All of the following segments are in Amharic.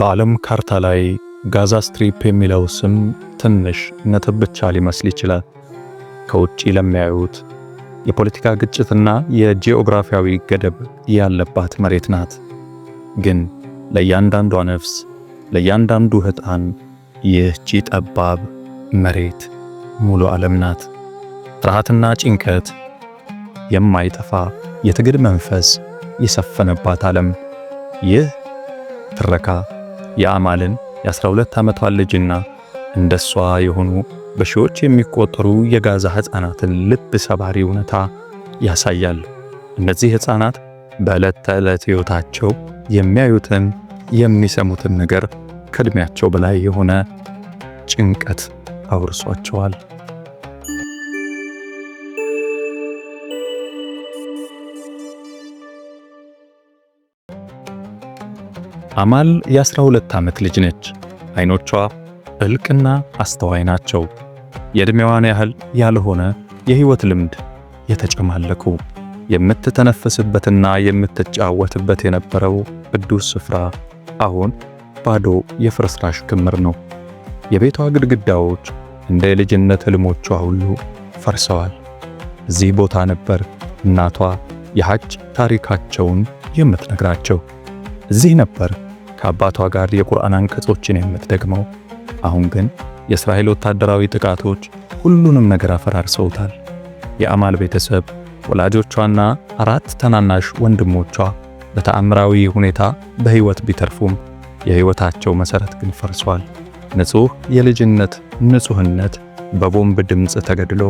በዓለም ካርታ ላይ ጋዛ ስትሪፕ የሚለው ስም ትንሽ ነጥብ ብቻ ሊመስል ይችላል። ከውጪ ለሚያዩት የፖለቲካ ግጭትና የጂኦግራፊያዊ ገደብ ያለባት መሬት ናት። ግን ለእያንዳንዷ ነፍስ፣ ለእያንዳንዱ ሕፃን ይህቺ ጠባብ መሬት ሙሉ ዓለም ናት። ፍርሃትና ጭንቀት፣ የማይጠፋ የትግል መንፈስ የሰፈነባት ዓለም ይህ ትረካ የአማልን የ12 ዓመቷን ልጅና እንደሷ የሆኑ በሺዎች የሚቆጠሩ የጋዛ ሕፃናትን ልብ ሰባሪ እውነታ ያሳያሉ። እነዚህ ሕፃናት በዕለት ተዕለት ሕይወታቸው የሚያዩትን የሚሰሙትን ነገር ከዕድሜያቸው በላይ የሆነ ጭንቀት አውርሷቸዋል። አማል የ12 ዓመት ልጅ ነች። አይኖቿ እልቅና አስተዋይ ናቸው። የዕድሜዋን ያህል ያልሆነ የህይወት ልምድ የተጨማለቁ የምትተነፍስበትና የምትጫወትበት የነበረው ቅዱስ ስፍራ አሁን ባዶ የፍርስራሽ ክምር ነው። የቤቷ ግድግዳዎች እንደ የልጅነት ህልሞቿ ሁሉ ፈርሰዋል። እዚህ ቦታ ነበር እናቷ የሐጅ ታሪካቸውን የምትነግራቸው። እዚህ ነበር ከአባቷ ጋር የቁርአን አንቀጾችን የምትደግመው። አሁን ግን የእስራኤል ወታደራዊ ጥቃቶች ሁሉንም ነገር አፈራርሰውታል። የአማል ቤተሰብ ወላጆቿና አራት ተናናሽ ወንድሞቿ በተአምራዊ ሁኔታ በሕይወት ቢተርፉም የሕይወታቸው መሠረት ግን ፈርሷል። ንጹሕ የልጅነት ንጹሕነት በቦምብ ድምፅ ተገድሎ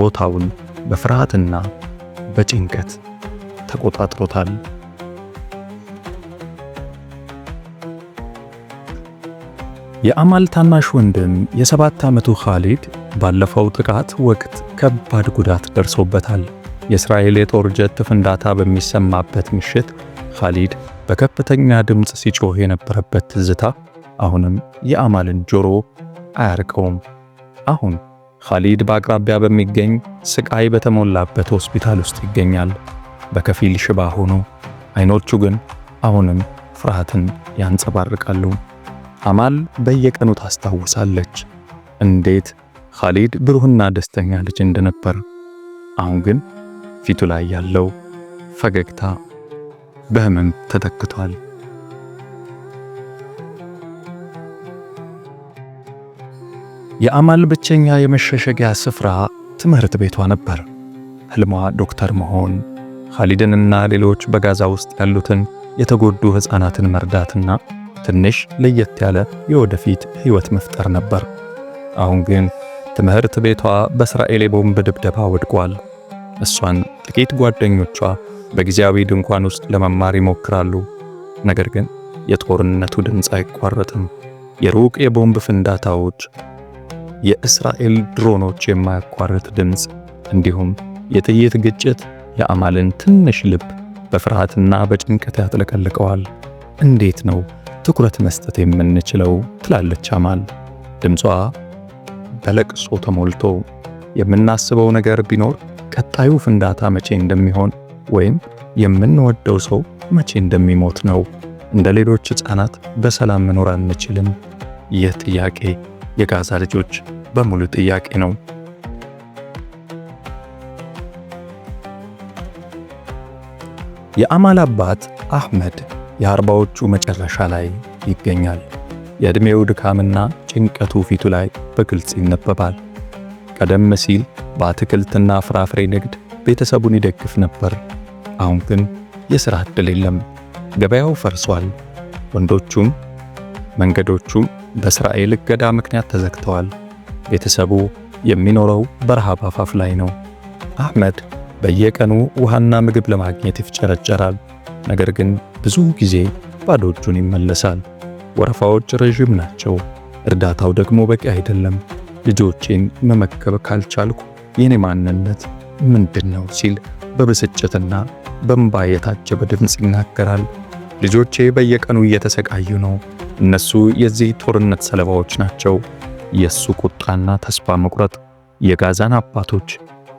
ቦታውን በፍርሃትና በጭንቀት ተቆጣጥሮታል። የአማል ታናሽ ወንድም የሰባት ዓመቱ ኻሊድ ባለፈው ጥቃት ወቅት ከባድ ጉዳት ደርሶበታል። የእስራኤል የጦር ጀት ፍንዳታ በሚሰማበት ምሽት ኻሊድ በከፍተኛ ድምፅ ሲጮህ የነበረበት ትዝታ አሁንም የአማልን ጆሮ አያርቀውም። አሁን ኻሊድ በአቅራቢያ በሚገኝ ስቃይ በተሞላበት ሆስፒታል ውስጥ ይገኛል። በከፊል ሽባ ሆኖ አይኖቹ ግን አሁንም ፍርሃትን ያንጸባርቃሉ። አማል በየቀኑ ታስታውሳለች እንዴት ኻሊድ ብሩህና ደስተኛ ልጅ እንደነበር። አሁን ግን ፊቱ ላይ ያለው ፈገግታ በህመም ተተክቷል። የአማል ብቸኛ የመሸሸጊያ ስፍራ ትምህርት ቤቷ ነበር። ህልሟ ዶክተር መሆን፣ ኻሊድንና ሌሎች በጋዛ ውስጥ ያሉትን የተጎዱ ሕፃናትን መርዳትና ትንሽ ለየት ያለ የወደፊት ህይወት መፍጠር ነበር። አሁን ግን ትምህርት ቤቷ በእስራኤል የቦምብ ድብደባ ወድቋል። እሷን ጥቂት ጓደኞቿ በጊዜያዊ ድንኳን ውስጥ ለመማር ይሞክራሉ። ነገር ግን የጦርነቱ ድምፅ አይቋረጥም። የሩቅ የቦምብ ፍንዳታዎች፣ የእስራኤል ድሮኖች የማያቋርጥ ድምፅ፣ እንዲሁም የጥይት ግጭት የአማልን ትንሽ ልብ በፍርሃትና በጭንቀት ያጥለቀልቀዋል። እንዴት ነው ትኩረት መስጠት የምንችለው ትላለች አማል። ድምጿ በለቅሶ ተሞልቶ የምናስበው ነገር ቢኖር ቀጣዩ ፍንዳታ መቼ እንደሚሆን ወይም የምንወደው ሰው መቼ እንደሚሞት ነው። እንደ ሌሎች ሕፃናት በሰላም መኖር አንችልም። ይህ ጥያቄ የጋዛ ልጆች በሙሉ ጥያቄ ነው። የአማል አባት አህመድ የአርባዎቹ መጨረሻ ላይ ይገኛል። የዕድሜው ድካምና ጭንቀቱ ፊቱ ላይ በግልጽ ይነበባል። ቀደም ሲል በአትክልትና ፍራፍሬ ንግድ ቤተሰቡን ይደግፍ ነበር። አሁን ግን የሥራ ዕድል የለም። ገበያው ፈርሷል። ወንዶቹም መንገዶቹም በእስራኤል እገዳ ምክንያት ተዘግተዋል። ቤተሰቡ የሚኖረው በረሃብ አፋፍ ላይ ነው። አህመድ በየቀኑ ውሃና ምግብ ለማግኘት ይፍጨረጨራል። ነገር ግን ብዙ ጊዜ ባዶ እጁን ይመለሳል። ወረፋዎች ረዥም ናቸው። እርዳታው ደግሞ በቂ አይደለም። ልጆቼን መመከብ ካልቻልኩ የኔ ማንነት ምንድን ነው ሲል በብስጭትና በእንባ የታጀበ ድምፅ ይናገራል። ልጆቼ በየቀኑ እየተሰቃዩ ነው። እነሱ የዚህ ጦርነት ሰለባዎች ናቸው። የእሱ ቁጣና ተስፋ መቁረጥ የጋዛን አባቶች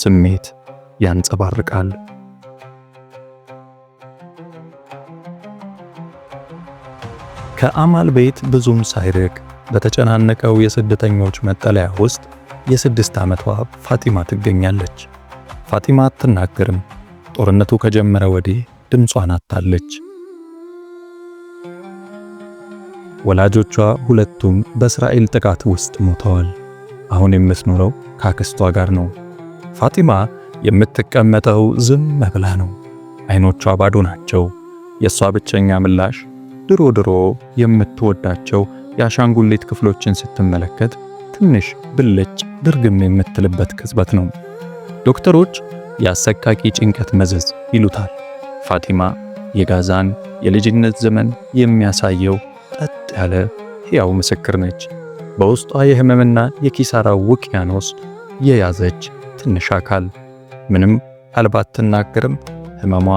ስሜት ያንጸባርቃል። ከአማል ቤት ብዙም ሳይርቅ በተጨናነቀው የስደተኞች መጠለያ ውስጥ የስድስት ዓመቷ ፋቲማ ትገኛለች። ፋቲማ አትናገርም። ጦርነቱ ከጀመረ ወዲህ ድምጿን አጥታለች። ወላጆቿ ሁለቱም በእስራኤል ጥቃት ውስጥ ሞተዋል። አሁን የምትኖረው ከአክስቷ ጋር ነው። ፋቲማ የምትቀመጠው ዝም ብላ ነው። አይኖቿ ባዶ ናቸው። የእሷ ብቸኛ ምላሽ ድሮ ድሮ የምትወዳቸው የአሻንጉሊት ክፍሎችን ስትመለከት ትንሽ ብልጭ ድርግም የምትልበት ቅጽበት ነው። ዶክተሮች የአሰቃቂ ጭንቀት መዘዝ ይሉታል። ፋቲማ የጋዛን የልጅነት ዘመን የሚያሳየው ጠጥ ያለ ሕያው ምስክር ነች። በውስጧ የህመምና የኪሳራ ውቅያኖስ የያዘች ትንሽ አካል ምንም አልባት ትናገርም። ህመሟ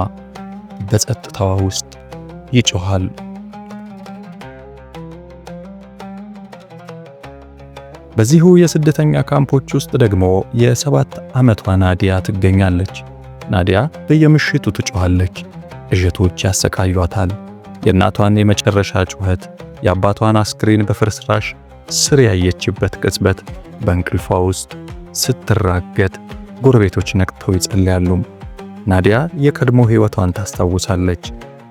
በጸጥታዋ ውስጥ ይጮኋል። በዚሁ የስደተኛ ካምፖች ውስጥ ደግሞ የሰባት ዓመቷ ናዲያ ትገኛለች። ናዲያ በየምሽቱ ትጮኻለች። እዠቶች ያሰቃዩታል። የእናቷን የመጨረሻ ጩኸት፣ የአባቷን አስክሬን በፍርስራሽ ስር ያየችበት ቅጽበት በእንቅልፏ ውስጥ ስትራገት ጎረቤቶች ነቅተው ይጸልያሉ። ናዲያ የቀድሞ ሕይወቷን ታስታውሳለች።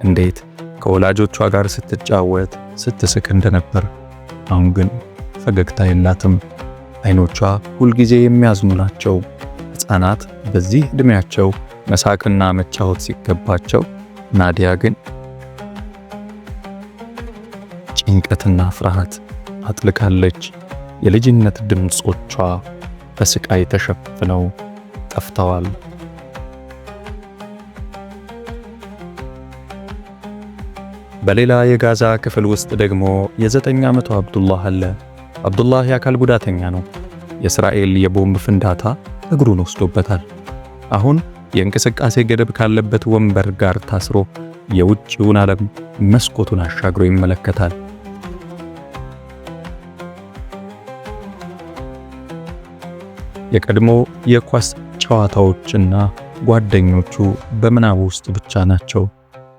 እንዴት ከወላጆቿ ጋር ስትጫወት፣ ስትስቅ እንደነበር አሁን ግን ፈገግታ የላትም። አይኖቿ ሁልጊዜ የሚያዝኑ ናቸው። ሕፃናት በዚህ ዕድሜያቸው መሳቅና መጫወት ሲገባቸው፣ ናዲያ ግን ጭንቀትና ፍርሃት አጥልቃለች። የልጅነት ድምፆቿ በስቃይ ተሸፍነው ጠፍተዋል። በሌላ የጋዛ ክፍል ውስጥ ደግሞ የዘጠኝ ዓመቱ አብዱላህ አለ። አብዱላህ የአካል ጉዳተኛ ነው። የእስራኤል የቦምብ ፍንዳታ እግሩን ወስዶበታል። አሁን የእንቅስቃሴ ገደብ ካለበት ወንበር ጋር ታስሮ የውጭውን ዓለም መስኮቱን አሻግሮ ይመለከታል። የቀድሞ የኳስ ጨዋታዎችና ጓደኞቹ በምናቡ ውስጥ ብቻ ናቸው።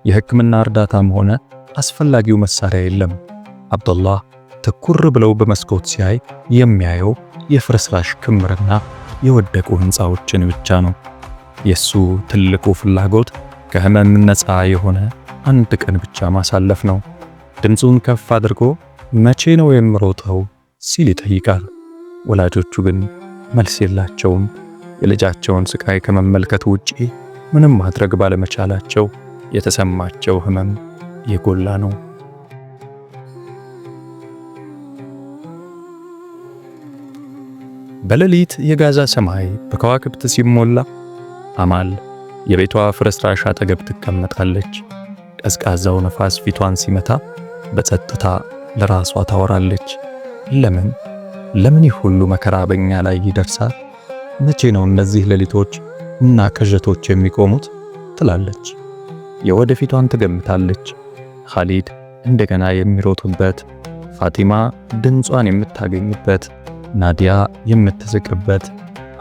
የሕክምና እርዳታም ሆነ አስፈላጊው መሳሪያ የለም። አብዱላህ ትኩር ብለው በመስኮት ሲያይ የሚያየው የፍርስራሽ ክምርና የወደቁ ህንፃዎችን ብቻ ነው። የሱ ትልቁ ፍላጎት ከህመም ነፃ የሆነ አንድ ቀን ብቻ ማሳለፍ ነው። ድምፁን ከፍ አድርጎ መቼ ነው የምሮጠው ሲል ይጠይቃል። ወላጆቹ ግን መልስ የላቸውም። የልጃቸውን ስቃይ ከመመልከት ውጪ ምንም ማድረግ ባለመቻላቸው የተሰማቸው ህመም የጎላ ነው። በሌሊት የጋዛ ሰማይ በከዋክብት ሲሞላ፣ አማል የቤቷ ፍርስራሽ አጠገብ ትቀመጣለች። ቀዝቃዛው ነፋስ ፊቷን ሲመታ በጸጥታ ለራሷ ታወራለች። ለምን ለምን ይህ ሁሉ መከራ በእኛ ላይ ይደርሳል? መቼ ነው እነዚህ ሌሊቶች እና ከዠቶች የሚቆሙት? ትላለች። የወደፊቷን ትገምታለች። ኻሊድ እንደገና የሚሮጡበት፣ ፋቲማ ድምጿን የምታገኝበት ናዲያ የምትስቅበት፣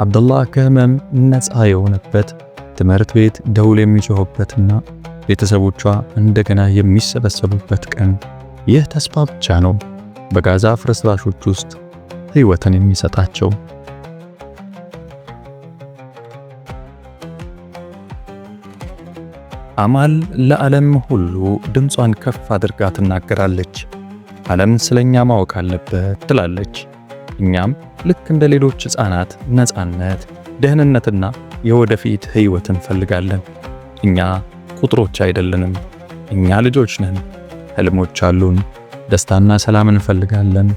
አብደላህ ከህመም ነፃ የሆነበት፣ ትምህርት ቤት ደውል የሚጮህበትና ቤተሰቦቿ እንደገና የሚሰበሰቡበት ቀን። ይህ ተስፋ ብቻ ነው በጋዛ ፍርስራሾች ውስጥ ህይወትን የሚሰጣቸው። አማል ለዓለም ሁሉ ድምጿን ከፍ አድርጋ ትናገራለች። ዓለም ስለኛ ማወቅ አለበት ትላለች። እኛም ልክ እንደ ሌሎች ሕፃናት ነፃነት፣ ደህንነትና የወደፊት ሕይወት እንፈልጋለን። እኛ ቁጥሮች አይደለንም። እኛ ልጆች ነን። ህልሞች አሉን። ደስታና ሰላም እንፈልጋለን።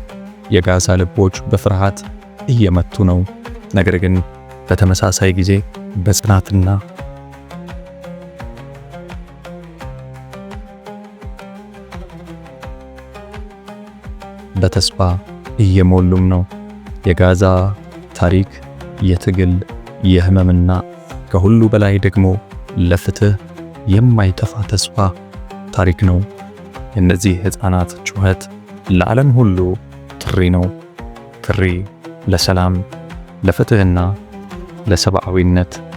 የጋዛ ልቦች በፍርሃት እየመቱ ነው። ነገር ግን በተመሳሳይ ጊዜ በጽናትና በተስፋ እየሞሉም ነው። የጋዛ ታሪክ የትግል የህመምና ከሁሉ በላይ ደግሞ ለፍትህ የማይጠፋ ተስፋ ታሪክ ነው። የእነዚህ ሕፃናት ጩኸት ለዓለም ሁሉ ጥሪ ነው። ጥሪ ለሰላም፣ ለፍትህና ለሰብአዊነት